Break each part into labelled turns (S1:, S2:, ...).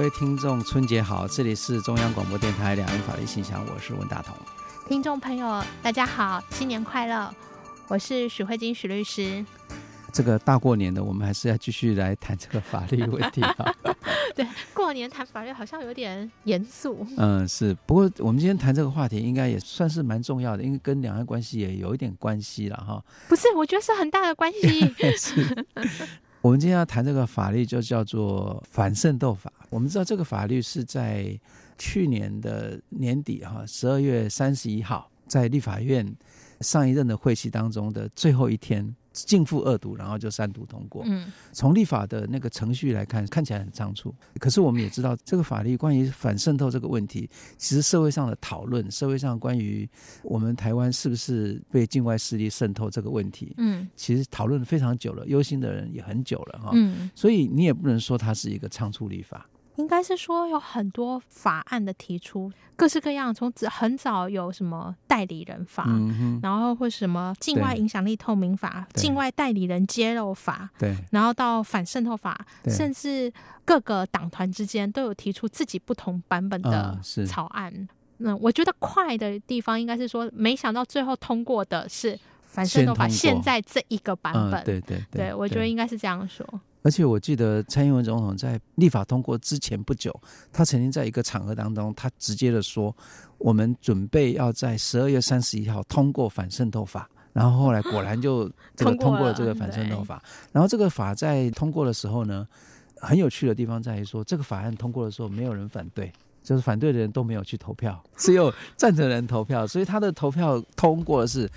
S1: 各位聽眾，春節好！這裡是中央廣播電台兩岸法律信箱，我是文大同。
S2: 聽眾朋友，大家好，新年快樂！我是許慧金，許律師。
S1: 這個大過年的，我們還是要繼續來談這個法律問題吧
S2: 對，過年談法律好像有點嚴肅。嗯，
S1: 是。不過我們今天談這個話題，應該也算是蠻重要的，因為跟兩岸關係也有一點關係了哈。
S2: 不是，我覺得是很大的關係。 是。
S1: 我們今天要談這個法律，就叫做反滲透法。我們知道這個法律是在去年的年底，哈，十二月三十一號，在立法院上一任的會期當中的最後一天，逕付二讀，然後就三讀通過。嗯，從立法的那個程序來看，看起來很倉促。可是我們也知道，這個法律關於反滲透這個問題，其實社會上的討論，社會上關於我們台灣是不是被境外勢力滲透這個問題，嗯，其實討論非常久了，憂心的人也很久了哈。哦嗯，所以你也不能說它是一個倉促立法。
S2: 應該是說有很多法案的提出，各式各樣，從很早有什麼代理人法，嗯、哼然後或什麼境外影響力透明法、對境外代理人揭露法，對然後到反滲透法，對甚至各個黨團之間都有提出自己不同版本的草案。嗯、那我覺得快的地方應該是說，沒想到最後通過的是。反滲透法現在這一個版本，嗯、對對對，對，對，我覺得應該是這樣說。
S1: 而且我記得蔡英文總統在立法通過之前不久，他曾經在一個場合當中，他直接的說：“我們準備要在十二月三十一號通過反滲透法。”然後後來果然就這個通過了這個反滲透法。然後這個法在通過的時候呢，很有趣的地方在於說，這個法案通過的時候沒有人反對，就是反對的人都沒有去投票，只有贊成人投票，所以他的投票通過的是，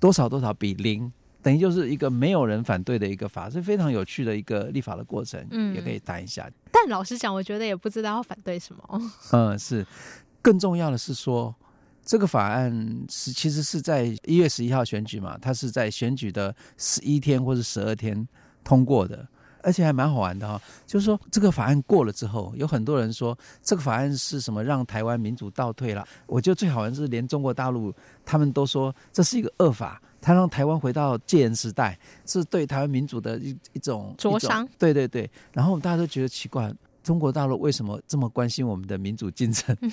S1: 多少多少比零，等於就是一個沒有人反對的一個法，是非常有趣的一個立法的過程，嗯，也可以談一下。
S2: 但老實講，我覺得也不知道要反對什麼。
S1: 嗯，是，更重要的是說，這個法案是其實是在一月十一號選舉嘛，它是在選舉的十一天或者十二天通過的。而且還蠻好玩的哈、哦，就是說這個法案過了之後，有很多人說這個法案是什麼讓台灣民主倒退了。我覺得最好玩是連中國大陸他們都說這是一個惡法，它讓台灣回到戒嚴時代，是對台灣民主的一一種灼傷傷。對對對，然後大家都覺得奇怪，中國大陸為什麼這麼關心我們的民主進程？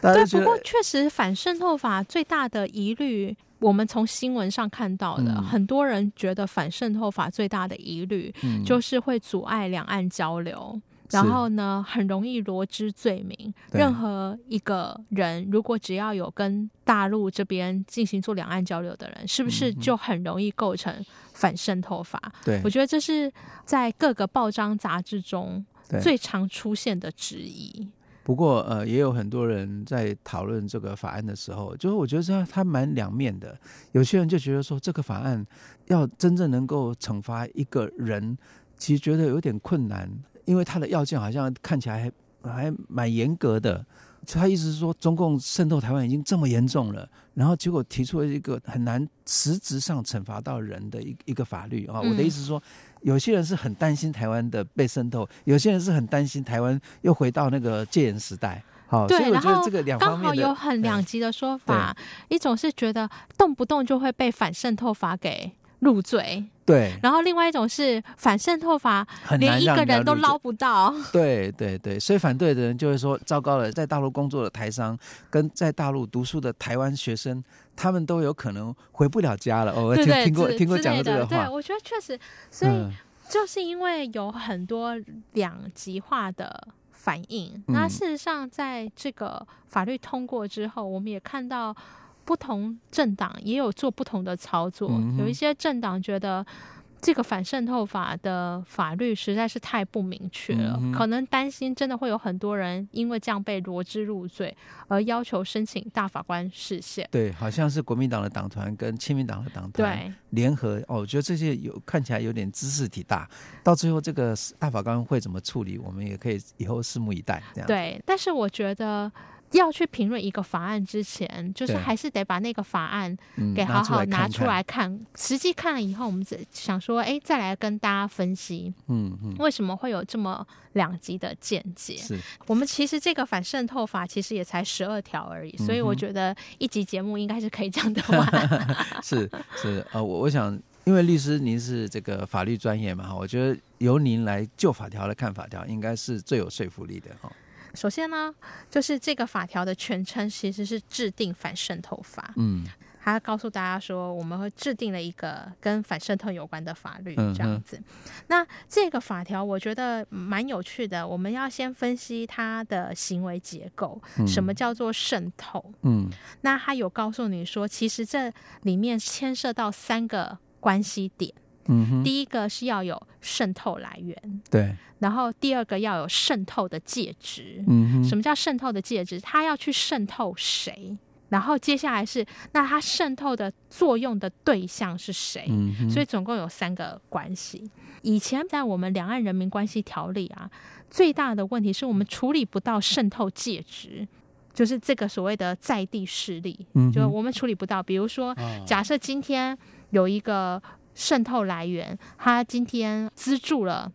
S2: 對，不過確實反滲透法最大的疑慮。我們從新聞上看到的嗯、很多人覺得反滲透法最大的疑慮就是會阻礙兩岸交流，嗯、然後呢是很容易羅織罪名。對任何一個人如果只要有跟大陸這邊進行做兩岸交流的人，是不是就很容易構成反滲透法？對，我覺得這是在各個報章雜誌中最常出現的質疑。
S1: 不過，呃，也有很多人在討論這個法案的時候，就是我覺得它它蠻兩面的。有些人就覺得說，這個法案要真正能夠懲罰一個人，其實覺得有點困難，因為他的要件好像看起來還還蠻嚴格的。他意思是說，中共滲透台灣已經這麼嚴重了，然後結果提出了一個很難實質上懲罰到人的一個一個法律啊。嗯，我的意思是說。有些人是很擔心台灣的被滲透，有些人是很擔心台灣又回到那個戒嚴時代。好、哦，對所以我覺得這個兩方面，然後剛好有
S2: 很兩極的說法，嗯、一種是覺得動不動就會被反滲透法給入罪，對。然後另外一種是反滲透法連一個人都撈不到。
S1: 對對對，所以反對的人就會說：糟糕了，在大陸工作的台商跟在大陸讀書的台灣學生。他們都有可能回不了家了。哦，對，對對，聽，聽過聽過講過這個話，對，我
S2: 覺得確實，所以就是因為有很多兩極化的反應。嗯、那事實上，在這個法律通過之後，我們也看到不同政黨也有做不同的操作。嗯、哼有一些政黨覺得。這個反滲透法的法律實在是太不明確了，嗯、哼可能擔心真的會有很多人因為這樣被羅織入罪，而要求申請大法官釋憲。
S1: 對，好像是國民黨的黨團跟親民黨的黨團聯合。對哦，我覺得這些有看起來有點茲事體大，到最後這個大法官會怎麼處理，我們也可以以後拭目以待。這樣，對，
S2: 但是我覺得。要去評論一個法案之前，就是還是得把那個法案給、嗯、好好拿出來看。嗯、來看看實際看了以後，我們想說，哎，再來跟大家分析，嗯嗯，嗯為什麼會有這麼兩極的見解？是，我們其實這個反滲透法其實也才十二條而已，嗯、哼所以我覺得一集節目應該是可以講得完。
S1: 是是呃，我我想，因為律師您是這個法律專業嘛，我覺得由您來就法條來看法條，應該是最有說服力的哈、哦。
S2: 首先呢，就是這個法條的全稱其實是“制定反滲透法”。嗯，他告訴大家說，我們會制定了一個跟反滲透有關的法律，嗯、哼這樣子。那這個法條我覺得蠻有趣的，我們要先分析它的行為結構，嗯、什麼叫做滲透？嗯，那他有告訴你說，其實這裡面牽涉到三個關係點。嗯、第一個是要有滲透來源，對，然後第二個要有滲透的介質，嗯、哼什麼叫滲透的介質？它要去滲透誰？然後接下來是那它滲透的作用的對象是誰？嗯、哼所以總共有三個關係。以前在我們兩岸人民關係條例啊，最大的問題是我們處理不到滲透介質，就是這個所謂的在地勢力，嗯、哼就我們處理不到。比如說，假設今天有一個。滲透來源，他今天資助了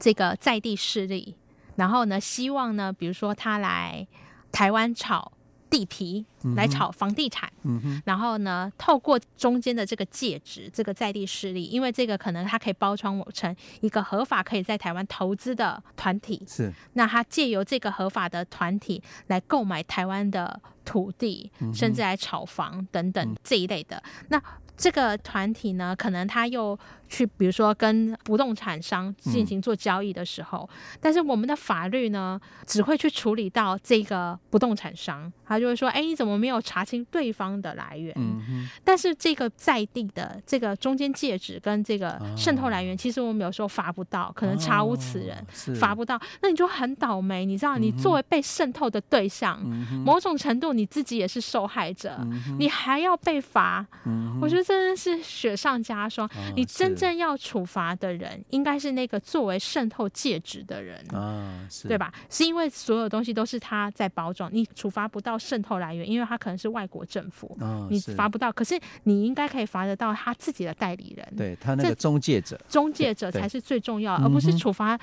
S2: 這個在地勢力，然後呢，希望呢，比如說他來台灣炒地皮，來炒房地產，嗯、哼然後呢，透過中間的這個介質，這個在地勢力，因為這個可能他可以包裝成一個合法可以在台灣投資的團體，是，那他借由這個合法的團體來購買台灣的土地，嗯、哼甚至來炒房等等這一類的，嗯、那。這個團體呢，可能他又去，比如說跟不動產商進行做交易的時候，嗯、但是我們的法律呢，只會去處理到這個不動產商，他就會說，哎，你怎麼沒有查清對方的來源？嗯哼。但是這個在地的這個中間介質跟這個滲透來源，啊、其實我們有時候罰不到，可能查無此人，罰不到，啊、那你就很倒霉，你知道，嗯、哼你作為被滲透的對象，嗯、哼某種程度你自己也是受害者，嗯、哼你還要被罰。嗯哼，我覺得。真是雪上加霜。哦、你真正要處罰的人，是應該是那個作為滲透介質的人，
S1: 哦、對吧？
S2: 是因為所有東西都是他在包裝，你處罰不到滲透來源，因為他可能是外國政府，
S1: 哦、你罰不
S2: 到。是，可是你應該可以罰得到他自己的代理人，
S1: 對，他那個中介者，
S2: 中介者才是最重要，而不是處罰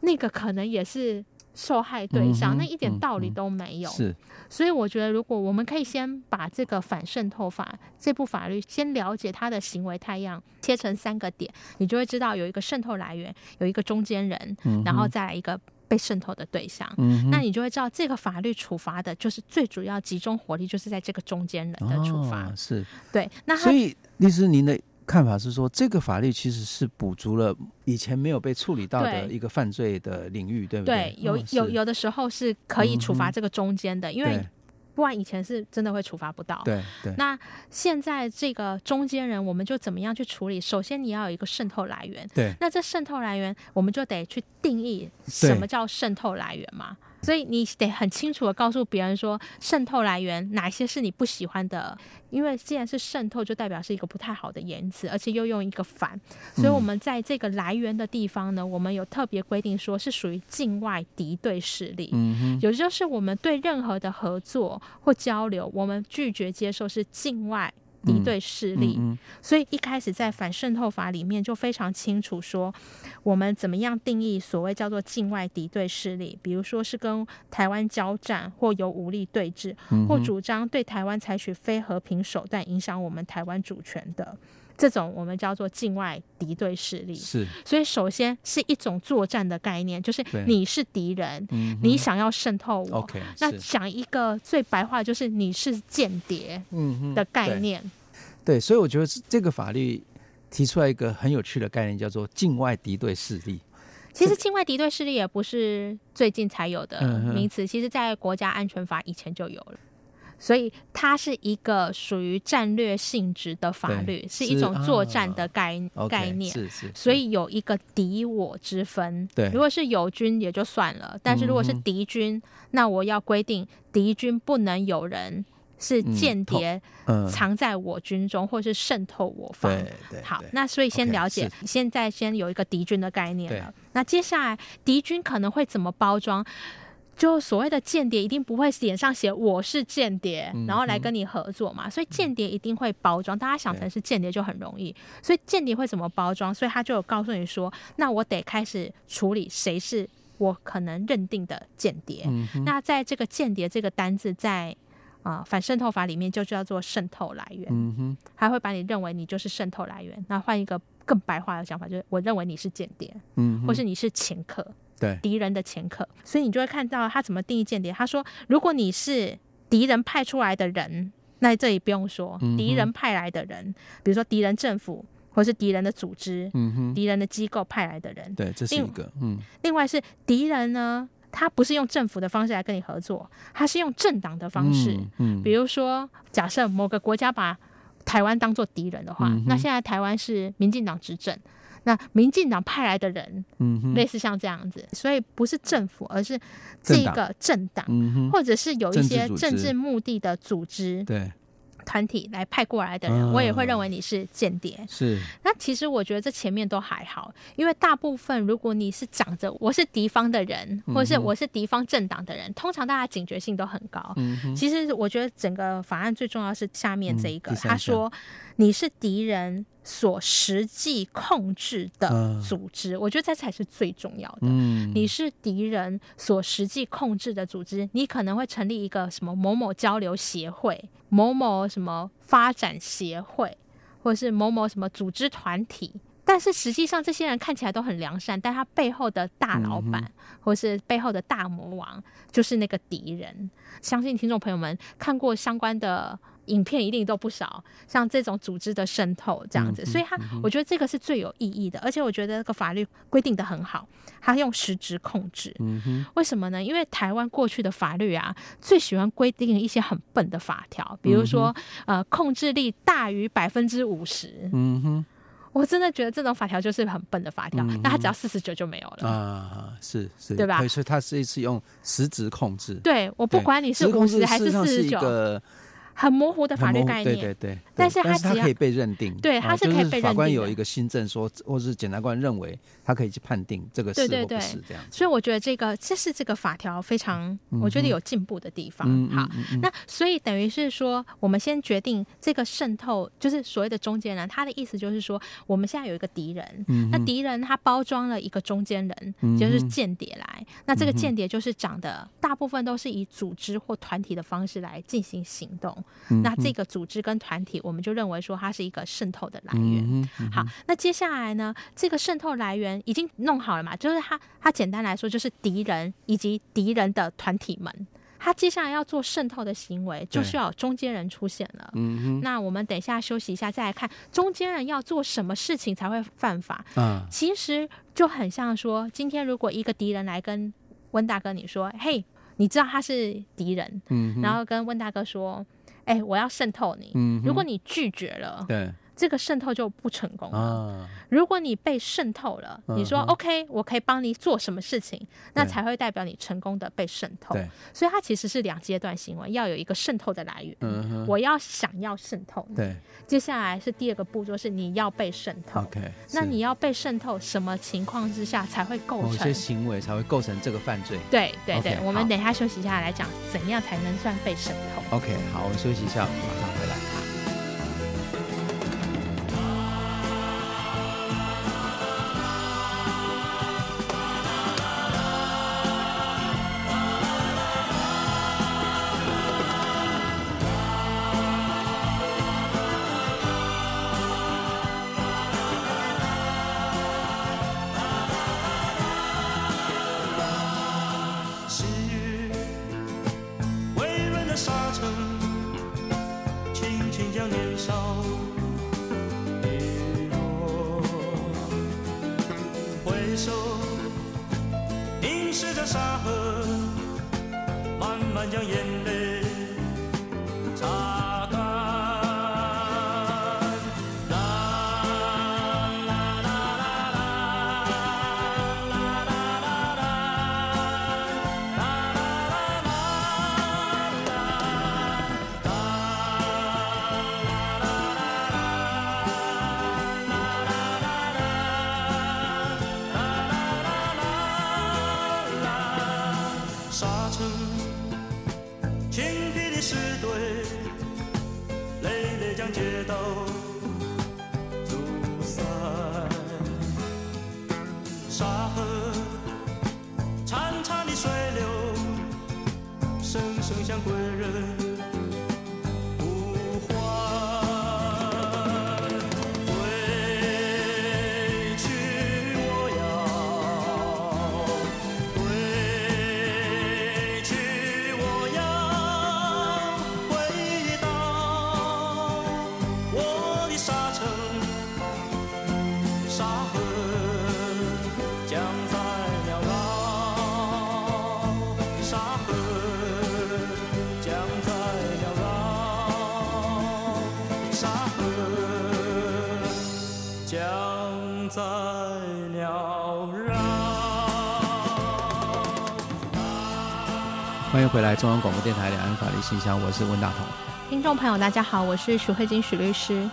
S2: 那個可能也是。嗯受害對象、嗯、哼那一點道理都沒有，是。所以我覺得，如果我們可以先把這個反滲透法這部法律先了解它的行為態，態樣切成三個點，你就會知道有一個滲透來源，有一個中間人，嗯、哼然後再來一個被滲透的對象。嗯哼，那你就會知道這個法律處罰的就是最主要集中火力，就是在這個中間人的處罰、
S1: 哦。是，
S2: 對。那所以
S1: 律師，您的看法是說，這個法律其實是補足了以前沒有被處理到的一個犯罪的領域，對，對不對？對，嗯、有有是
S2: 有的時候是可以處罰這個中間的，嗯、哼因為不然以前是真的會處罰不到。對對。那現在這個中間人，我們就怎麼樣去處理？首先你要有一個滲透來源，對。那這滲透來源，我們就得去定義什麼叫滲透來源嘛？所以你得很清楚的告訴別人說，滲透來源哪些是你不喜歡的，因為既然是滲透，就代表是一個不太好的言辭，而且又用一個反，所以我們在這個來源的地方呢，嗯、我們有特別規定，說是屬於境外敵對勢力，嗯、哼有就是我們對任何的合作或交流，我們拒絕接受是境外。敵對勢力，嗯嗯嗯、所以一開始在反滲透法裡面就非常清楚說，我們怎麼樣定義所謂叫做境外敵對勢力，比如說是跟台灣交戰或有武力對峙，或主張對台灣採取非和平手段影響我們台灣主權的。這種我們叫做境外敵對勢力，是，所以首先是一種作戰的概念，就是你是敵人，嗯、你想要滲透我，okay, 是那講一個最白話，就是你是間諜，嗯，的概念、嗯對。
S1: 對，所以我覺得這個法律提出來一個很有趣的概念，叫做境外敵對勢力。
S2: 其實境外敵對勢力也不是最近才有的名詞，嗯、哼其實在國家安全法以前就有了。所以它是一個屬於戰略性質的法律，是一種作戰的概概念。是是。所以有一個敵我之分。對。如果是友軍也就算了，但是如果是敵軍，那我要規定敵軍不能有人是間諜，藏在我軍中或是滲透我方。好，那所以先了解，現在先有一個敵軍的概念了。那接下來敵軍可能會怎麼包裝？就所謂的間諜，一定不會臉上寫我是間諜，嗯、哼然後來跟你合作嘛。所以間諜一定會包裝，大家想成是間諜就很容易。對所以間諜會怎麼包裝？所以他就有告訴你說，那我得開始處理誰是我可能認定的間諜。嗯、哼那在這個間諜這個單字，在、呃、啊反滲透法裡面就叫做滲透來源。嗯哼，還會把你認為你就是滲透來源。那換一個更白話的想法，就是我認為你是間諜，嗯哼，或是你是掮客。對敵人的前科，所以你就會看到他怎麼定義間諜。他說，如果你是敵人派出來的人，那這裡不用說，敵人派來的人，嗯、哼比如說敵人政府或是敵人的組織，嗯哼，敵人的機構派來的人，對，這是一個。嗯，另，另外是敵人呢，他不是用政府的方式來跟你合作，他是用政黨的方式。嗯嗯、比如說，假設某個國家把台灣當做敵人的話，嗯、哼那現在台灣是民進黨執政。那民進黨派來的人，類似像這樣子，嗯、哼所以不是政府，而是這個政黨，政黨嗯、或者是有一些政治目的的組織、對團體來派過來的人，對我也會認為你是間諜。是、哦。那其實我覺得這前面都還好，是因為大部分如果你是長着我是敵方的人，嗯、哼或是我是敵方政黨的人，通常大家警覺性都很高。嗯、哼其實我覺得整個法案最重要是下面這一個，嗯、他說你是敵人。所實際控制的組織，呃、我覺得這才是最重要的。嗯、你是敵人所實際控制的組織，你可能會成立一個什麼某某交流協會、某某什麼發展協會，或是某某什麼組織團體。但是實際上，這些人看起來都很良善，但他背後的大老闆，嗯、哼或是背後的大魔王，就是那個敵人。相信聽眾朋友們看過相關的。影片，一定都不少，像這種組織的滲透這樣子，嗯嗯、所以他我覺得這個是最有意義的，而且我覺得這個法律規定得很好，他用實質控制。嗯哼，為什麼呢？因為台灣過去的法律啊，最喜歡規定一些很笨的法條，比如說、嗯、哼呃，控制力大於百分之五十。嗯哼，我真的覺得這種法條就是很笨的法條，嗯、哼那他只要四十九就沒有
S1: 了啊、呃，是是，對吧？所以所以，他是一次用實質控制，對我不管你是五十還是四十九。
S2: 很模糊的法律概念，對
S1: 對對，但是他可以被認定，對，他是可以被認定。法官有一個心證說，或是檢察官認為他可以去判定這個是對對對，或不是這樣。所
S2: 以我覺得這個這是這個法條非常我覺得有進步的地方。好，那所以等於是說，我們先決定這個滲透，就是所謂的中間人。他的意思就是說，我們現在有一個敵人，那敵人他包裝了一個中間人，就是間諜來。那這個間諜就是長得大部分都是以組織或團體的方式來進行行動。那這個組織跟團體，嗯、哼我們就認為說它是一個滲透的來源。嗯嗯、好，那接下來呢，這個滲透來源已經弄好了嘛？就是他，他簡單來說就是敵人以及敵人的團體們。他接下來要做滲透的行為，就需要有中間人出現了。嗯哼，那我們等一下休息一下再來看，中間人要做什麼事情才會犯法？啊、其實就很像說，今天如果一個敵人來跟溫大哥你說：“嘿，你知道他是敵人。嗯哼”嗯，然後跟溫大哥說。哎、欸，我要滲透你。嗯哼，如果你拒絕了，對。這個滲透就不成功了。如果你被滲透了，你說 OK，我可以幫你做什麼事情，那才會代表你成功的被滲透。對，所以它其實是兩階段行為，要有一個滲透的來源。嗯哼。我要想要滲透。對。接下來是第二個步驟是你要被滲透。OK。那你要被滲透，什麼情況之下才會構成？某些
S1: 行為才會構成這個犯罪。
S2: 對對對，我們等一下休息一下來講，怎樣才能算被滲
S1: 透？OK，好，我們休息一下，馬上回來。沙城，
S2: 清碧的石堆，累累將街道阻塞。沙河，潺潺的水流，聲聲像歸人。再
S1: 歡迎回來，中央廣播電台兩岸法律信箱，我是溫大鵬。
S2: 聽眾朋友，大家好，我是許慧晶許律師。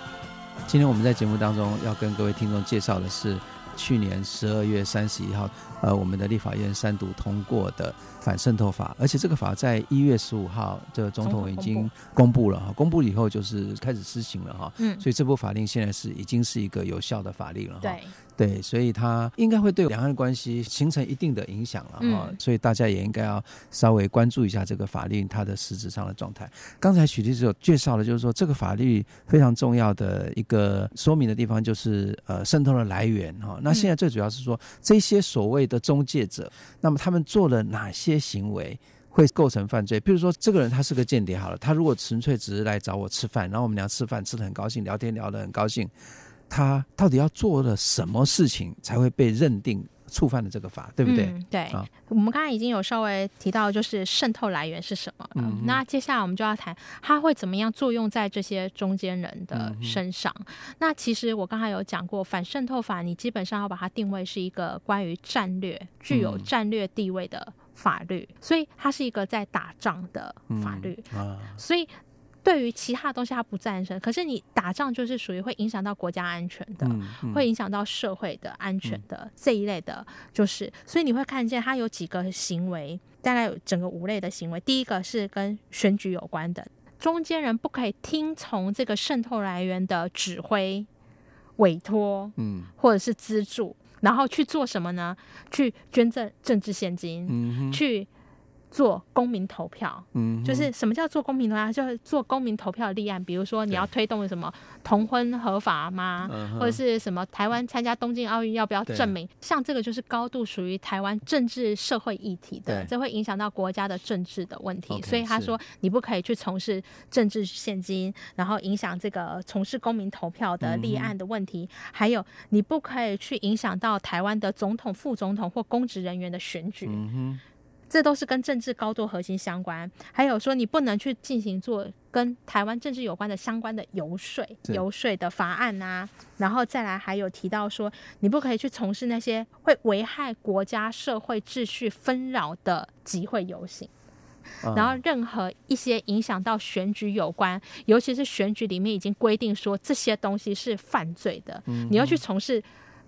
S1: 今天我們在節目當中要跟各位聽眾介紹的是。去年十二月三十一號，呃，我們的立法院三讀通過的反滲透法，而且這個法在一月十五號，這個、總統已經公布了哈，公布以後就是開始施行了哈，嗯，所以這部法令現在是已經是一個有效的法令了哈。對。對，所以他應該會對兩岸關係形成一定的影響了哈、哦嗯，所以大家也應該要稍微關注一下這個法律它的實質上的狀態。剛才許律師有介紹了，就是說這個法律非常重要的一個說明的地方，就是呃，滲透的來源哈、哦。那現在最主要是說這些所謂的中介者，那麼他們做了哪些行為會構成犯罪？比如說這個人他是個間諜，好了，他如果純粹只是來找我吃飯，然後我們倆吃飯吃得很高興，聊天聊得很高興。他到底要做了什麼事情才會被認定觸犯了這個法，對不對？嗯、對、
S2: 哦、我們剛才已經有稍微提到，就是滲透來源是什麼。嗯、哼那接下來我們就要談，他會怎麼樣作用在這些中間人的身上？嗯、哼那其實我剛才有講過，反滲透法，你基本上要把它定位是一個關於戰略、具有戰略地位的法律，嗯、所以它是一個在打仗的法律。嗯啊、所以。對於其他東西，他不贊成。可是你打仗就是屬於會影響到國家安全的，嗯嗯、會影響到社會的安全的、嗯、這一類的，就是。所以你會看見他有幾個行為，大概有整個五類的行為。第一個是跟選舉有關的，中間人不可以聽從這個滲透來源的指揮、委托，嗯，或者是資助，嗯、然後去做什麼呢？去捐贈政治獻金，嗯、哼去。做公民投票，嗯哼，就是什麼叫做公民投票？就是做公民投票的立案，比如說你要推動什麼同婚合法嗎？嗯、哼或者是什麼台灣參加東京奧運要不要正名？對像這個就是高度屬於台灣政治社會議題的，對這會影響到國家的政治的問題。對所以他說你不可以去從事政治獻金，嗯、哼然後影響這個從事公民投票的立案的問題，嗯、哼還有你不可以去影響到台灣的總統、副總統或公職人員的選舉。嗯哼這都是跟政治高度核心相關，還有說你不能去進行做跟台灣政治有關的相關的遊說、是遊說的法案吶、啊，然後再來還有提到說你不可以去從事那些會危害國家社會秩序紛擾的集會遊行，嗯、然後任何一些影響到選舉有關，尤其是選舉裡面已經規定說這些東西是犯罪的，嗯、哼你要去從事。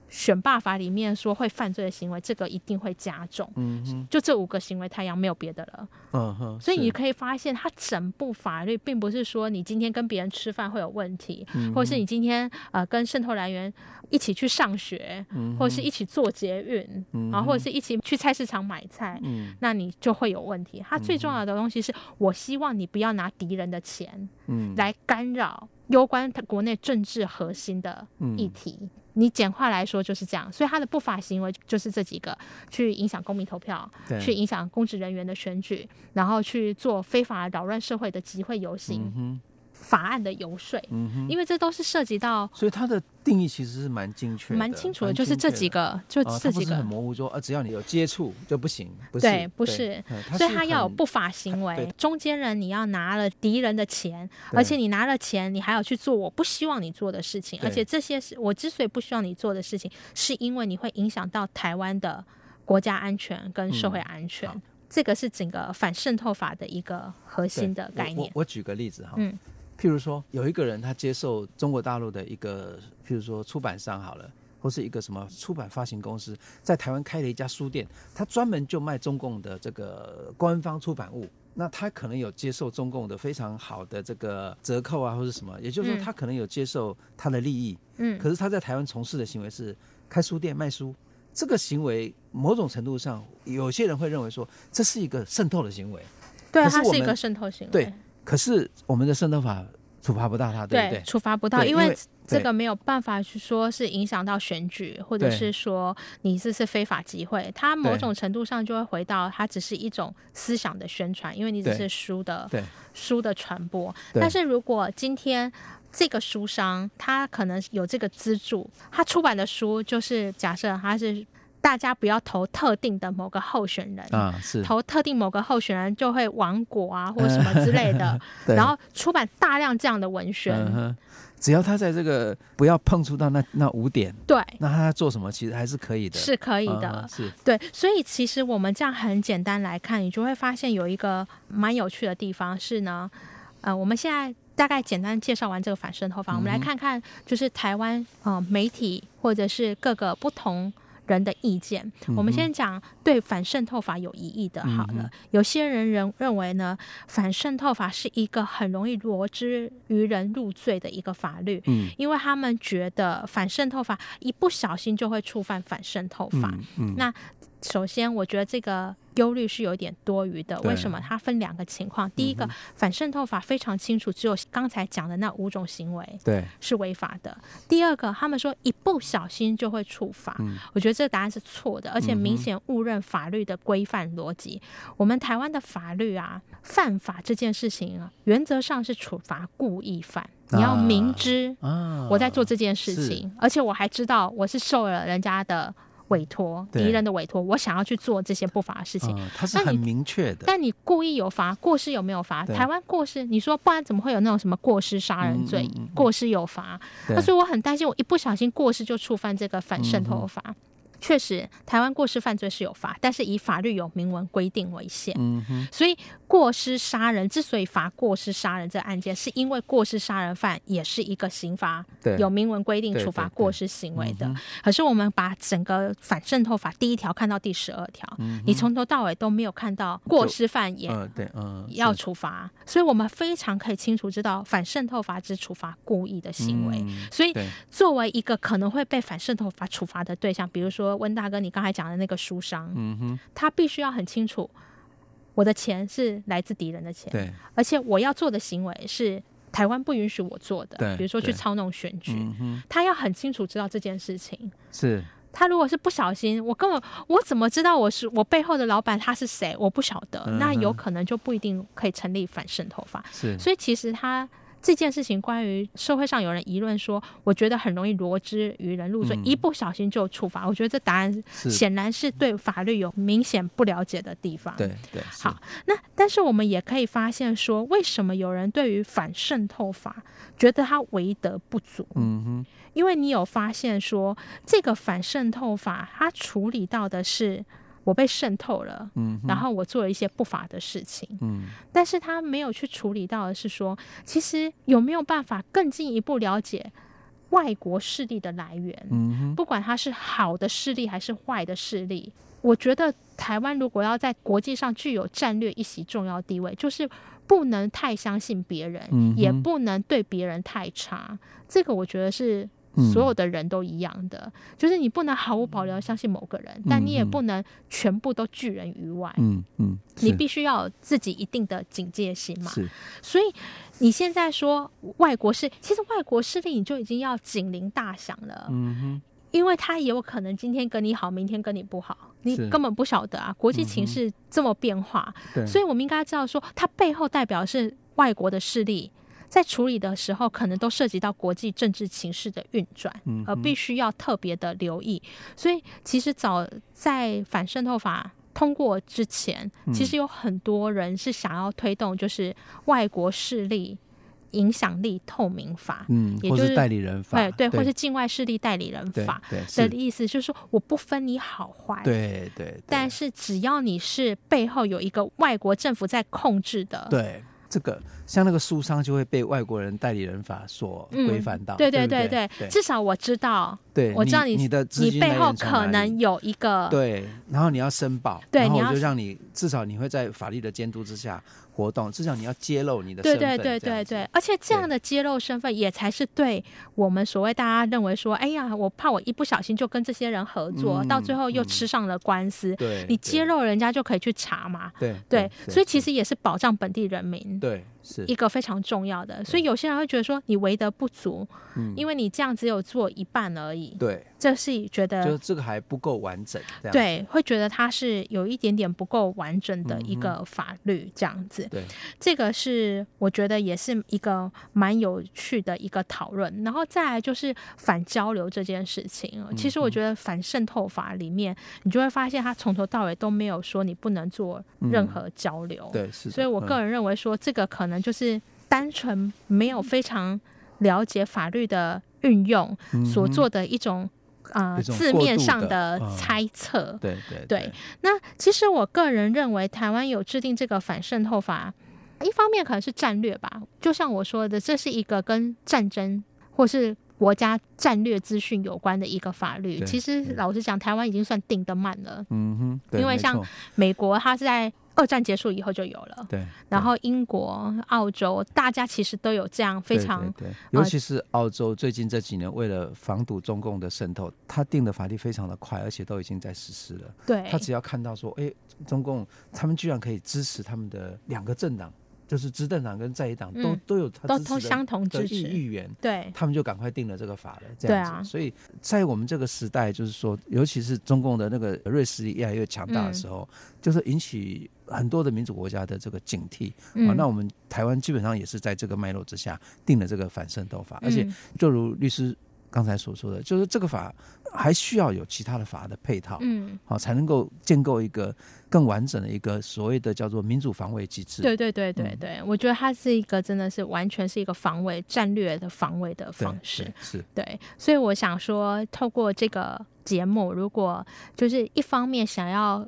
S2: 選罷法裡面說會犯罪的行為，這個一定會加重。嗯、哼就這五個行為，太陽沒有別的
S1: 了。哦、所以你可
S2: 以發現，它整部法律並不是說你今天跟別人吃飯會有問題，嗯、哼或者是你今天呃跟滲透來源一起去上學，嗯、哼或者是一起坐捷運、嗯、哼然後或者是一起去菜市場買菜，嗯、那你就會有問題。它最重要的東西是、嗯、哼我希望你不要拿敵人的錢，來干擾攸關國內政治核心的議題。嗯嗯你簡化來說就是這樣，所以他的不法行為就是這幾個：去影響公民投票，對去影響公職人員的選舉，然後去做非法擾亂社會的集會遊行。嗯法案的遊說，嗯哼，因為這都是涉及到，所
S1: 以它的定義其實是蠻精確、蠻清楚的，就是這幾個，就這幾個很模糊，說啊，只要你有接觸就不行，不是，對，不是，所以他要有
S2: 不法行為，中間人你要拿了敵人的錢，而且你拿了錢，你還要去做我不希望你做的事情，而且這些是我之所以不希望你做的事情，是因為你會影響到台灣的國家安全跟社會安全，這個是整個反滲透法的一個核心的概念。
S1: 我舉個例子哈，嗯。譬如說，有一個人他接受中國大陸的一個，譬如說出版商，好了，或是一個什麼出版發行公司，在台灣開了一家書店，他專門就賣中共的這個官方出版物。那他可能有接受中共的非常好的這個折扣啊，或是什麼，也就是說他可能有接受他的利益。嗯。可是他在台灣從事的行為是開書店賣書，這個行為某種程度上，有些人會認為說這是一個滲透的行為。
S2: 對，它是一個滲透行為。對。
S1: 可是我們的《滲透法》處罰不到他，對不對，對？處
S2: 罰不到，因為，因為這個沒有辦法去說是影響到選舉，對或者是說你這是非法集會。它對某種程度上就會回到它只是一種思想的宣傳，對因為你只是書的對書的傳播。對但是如果今天這個書商他可能有這個資助，他出版的書就是假設他是。大家不要投特定的某個候選人啊，是投特定某個候選人就會亡國啊，或者什麼之類的。嗯、呵呵然後出版大量這樣的文學、嗯，
S1: 只要他在這個不要碰觸到那那五點，對，那他做什麼其實還是可以的，是
S2: 可以的，嗯、是對。所以其實我們這樣很簡單來看，你就會發現有一個蠻有趣的地方是呢，呃，我們現在大概簡單介紹完這個反滲透法，嗯、哼我們來看看就是台灣、呃、媒體或者是各個不同。人的意見，嗯、哼我們先講對反滲透法有疑義的，好了。嗯、哼有些人認認為呢，反滲透法是一個很容易羅織於人入罪的一個法律，嗯、因為他們覺得反滲透法一不小心就會觸犯反滲透法，嗯嗯那。首先，我覺得這個憂慮是有點多餘的。為什麼？它對分兩個情況：第一個，嗯、哼反滲透法非常清楚，只有剛才講的那五種行為是違法的；對第二個，他們說一不小心就會處罰，嗯、我覺得這個答案是錯的，而且明顯誤認法律的規範邏輯。嗯、哼我們台灣的法律啊，犯法這件事情啊，原則上是處罰故意犯，啊、你要明知我在做這件事情，啊啊、而且我還知道我是受了人家的。委託敵人的委託，對我想要去做這些不法的事情，那、嗯、它是很
S1: 明確的但。但
S2: 你故意有罰，過失有沒有罰？對台灣過失，你說不然怎麼會有那種什麼過失殺人罪？嗯、過失有罰，對所以我很擔心，我一不小心過失就觸犯這個反滲透法。嗯確實，台灣過失犯罪是有罰，但是以法律有明文規定為限。嗯哼。所以過失殺人之所以罰過失殺人這個案件，是因為過失殺人犯也是一個刑罰，對有明文規定處罰過失行為的。對對對嗯、可是我們把整個反滲透法第一條看到第十二條，嗯、哼你從頭到尾都沒有看到過失犯也
S1: 對，嗯，要
S2: 處罰。呃呃、所以我們非常可以清楚知道，反滲透法只處罰故意的行為。嗯、所以，作為一個可能會被反滲透法處罰的對象，比如說。溫大哥，你剛才講的那個書商，嗯、哼他必須要很清楚，我的錢是來自敵人的錢，對而且我要做的行為是台灣不允許我做的，對比如說去操弄選舉，嗯、他要很清楚知道這件事情，
S1: 是
S2: 他如果是不小心，我跟我，我怎麼知道我是我背後的老闆他是誰？我不曉得，嗯、哼那有可能就不一定可以成立反滲透法，是所以其實他。這件事情，關於社會上有人議論說，我覺得很容易羅織於人入罪，嗯、一不小心就處罰。我覺得這答案顯然是對法律有明顯不了解的地方。對、嗯、對，對好，那但是我們也可以發現說，為什麼有人對於反滲透法覺得它為德不足？嗯哼，因為你有發現說，這個反滲透法它處理到的是。我被滲透了，嗯、哼然後我做了一些不法的事情，嗯、但是他沒有去處理到的是說，其實有沒有辦法更進一步了解外國勢力的來源？嗯、哼不管他是好的勢力還是壞的勢力，我覺得台灣如果要在國際上具有戰略一席重要地位，就是不能太相信別人，嗯、哼也不能對別人太差。這個我覺得是。嗯、所有的人都一樣的，就是你不能毫無保留相信某個人，嗯嗯、但你也不能全部都拒人於外。嗯嗯，嗯，你必須要自己一定的警戒心嘛。是所以你現在說外國勢，其實外國勢力你就已經要警鈴大響了。嗯哼因為他也有可能今天跟你好，明天跟你不好，你根本不曉得啊。國際情勢這麼變化，嗯、所以我們應該知道說，它背後代表是外國的勢力。在處理的時候，可能都涉及到國際政治情勢的運轉，嗯、哼而必須要特別的留意。所以，其實早在反滲透法通過之前，嗯、其實有很多人是想要推動，就是外國勢力影響力透明法，嗯，也就是、或是代理人法，對對，對對，或是境外勢力代理人法的意思，就是我不分你好壞，對對，但是只要你是背後有一個外國政府在控制的，對
S1: 這個。像那個書商就會被外國人代理人法所規範到，對對對對，至少
S2: 我知道，對，我知道你你的資金，你背後可能有一個，對，
S1: 然後你要申報，對，然後我就讓你至少你會在法律的監督之下活動，至少你要揭露你的身份，對對對對
S2: 對，而且這樣的揭露身份也才是對我們所謂大家認為說，哎呀，我怕我一不小心就跟這些人合作，到最後又吃上了官司，你揭露人家就可以去查嘛，對對，所以其實也是保障本地人民，對。一個非常重要的。所以有些人會覺得說你為的不足，嗯對，因為你這樣只有做一半而已，對，這是覺得就
S1: 這個還不夠完整，
S2: 對，會覺得它是有一點點不夠完整的一個法律這樣子。嗯嗯對，這個是我覺得也是一個蠻有趣的一個討論，然後再來就是反交流這件事情，其實我覺得反滲透法裡面嗯嗯，你就會發現它從頭到尾都沒有說你不能做任何交流，對，是的，嗯，所以我個人認為說這個可能就就是單純沒有非常了解法律的運用，所做的一種啊、呃、字面上的猜測。嗯嗯嗯、對對對，對，那其實我個人認為，台灣有制定這個反滲透法，一方面可能是戰略吧，就像我說的，這是一個跟戰爭或是國家戰略資訊有關的一個法律，其實老實講，台灣已經算定得慢了。嗯哼，對，因為像美國，它是在二戰結束以後就有了。對。對，然後英國、澳洲，大家其實都有這樣非常，對，對，對。呃，尤其
S1: 是澳洲，最近這幾年為了防堵中共的滲透，它定的法律非常的快，而且都已經在實施了。對。他只要看到說，哎，欸，中共他們居然可以支持他們的兩個政黨。就是執政黨跟在野黨都、嗯、都有他的都相同的議員，對，他們就趕快定了這個法了。這樣子，啊、所以在我們這個時代，就是說，尤其是中共的那個銳實力越來越強大的時候，嗯、就是引起很多的民主國家的這個警惕、嗯、啊。那我們台灣基本上也是在這個脈絡之下定了這個反滲透法，嗯、而且就如律師。剛才所說的，就是這個法還需要有其他的法的配套，嗯，好，才能夠建構一個更完整的一個所謂的叫做民主防衛機制。對對對對
S2: 對，嗯，我覺得它是一個真的是完全是一個防衛戰略的防衛的方式。對對是對，所以我想說，透過這個節目，如果就是一方面想要。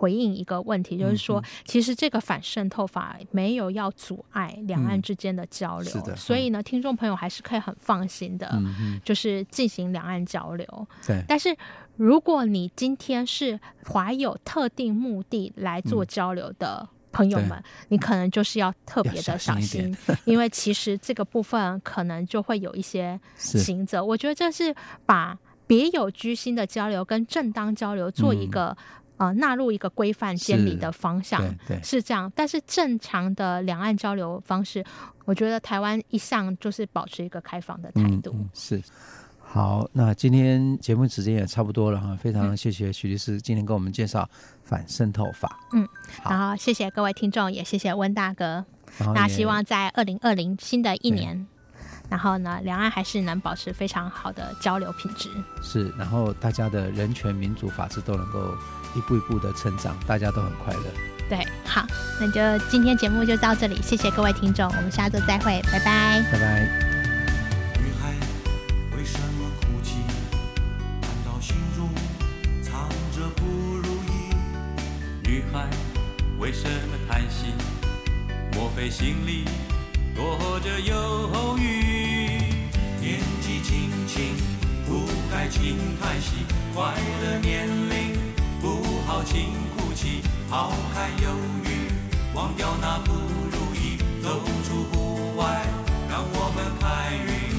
S2: 回應一個問題，就是說，嗯嗯、其實這個反滲透法沒有要阻礙兩岸之間的交流，嗯嗯、所以呢，聽眾朋友還是可以很放心的，就是進行兩岸交流。對、嗯，嗯、但是如果你今天是懷有特定目的來做交流的朋友們，嗯嗯、你可能就是要特別的小心，小心 因為其實這個部分可能就會有一些刑責。是我覺得這是把別有居心的交流跟正當交流做一個、嗯。啊、呃，納入一個規範監理的方向是，對對是這樣，但是正常的兩岸交流方式，我覺得台灣一向就是保持一個開放的態度。嗯嗯、
S1: 是，好，那今天節目時間也差不多了哈，非常謝謝徐律師今天跟我們介紹反滲透法。
S2: 嗯，好然後謝謝各位聽眾，也謝謝溫大哥。那希望在二零二零新的一年，對然後呢，兩岸還是能保持非常好的交流品質。
S1: 是，然後大家的人權、民主、法治都能夠。一步一步的成長，大家都很快樂。
S2: 對，好，那就今天節目就到這裡，謝謝各位聽眾，我們下周再會，拜拜。拜
S1: 拜。女孩，為什麼哭泣？難道心中藏着不如意。女孩，為什麼嘆息？莫非心裡躲着憂鬱。年紀輕輕不該輕嘆息。快樂年齡。拋棄哭泣，拋開憂鬱，忘掉那不如意，走出戶外，讓我們開懷。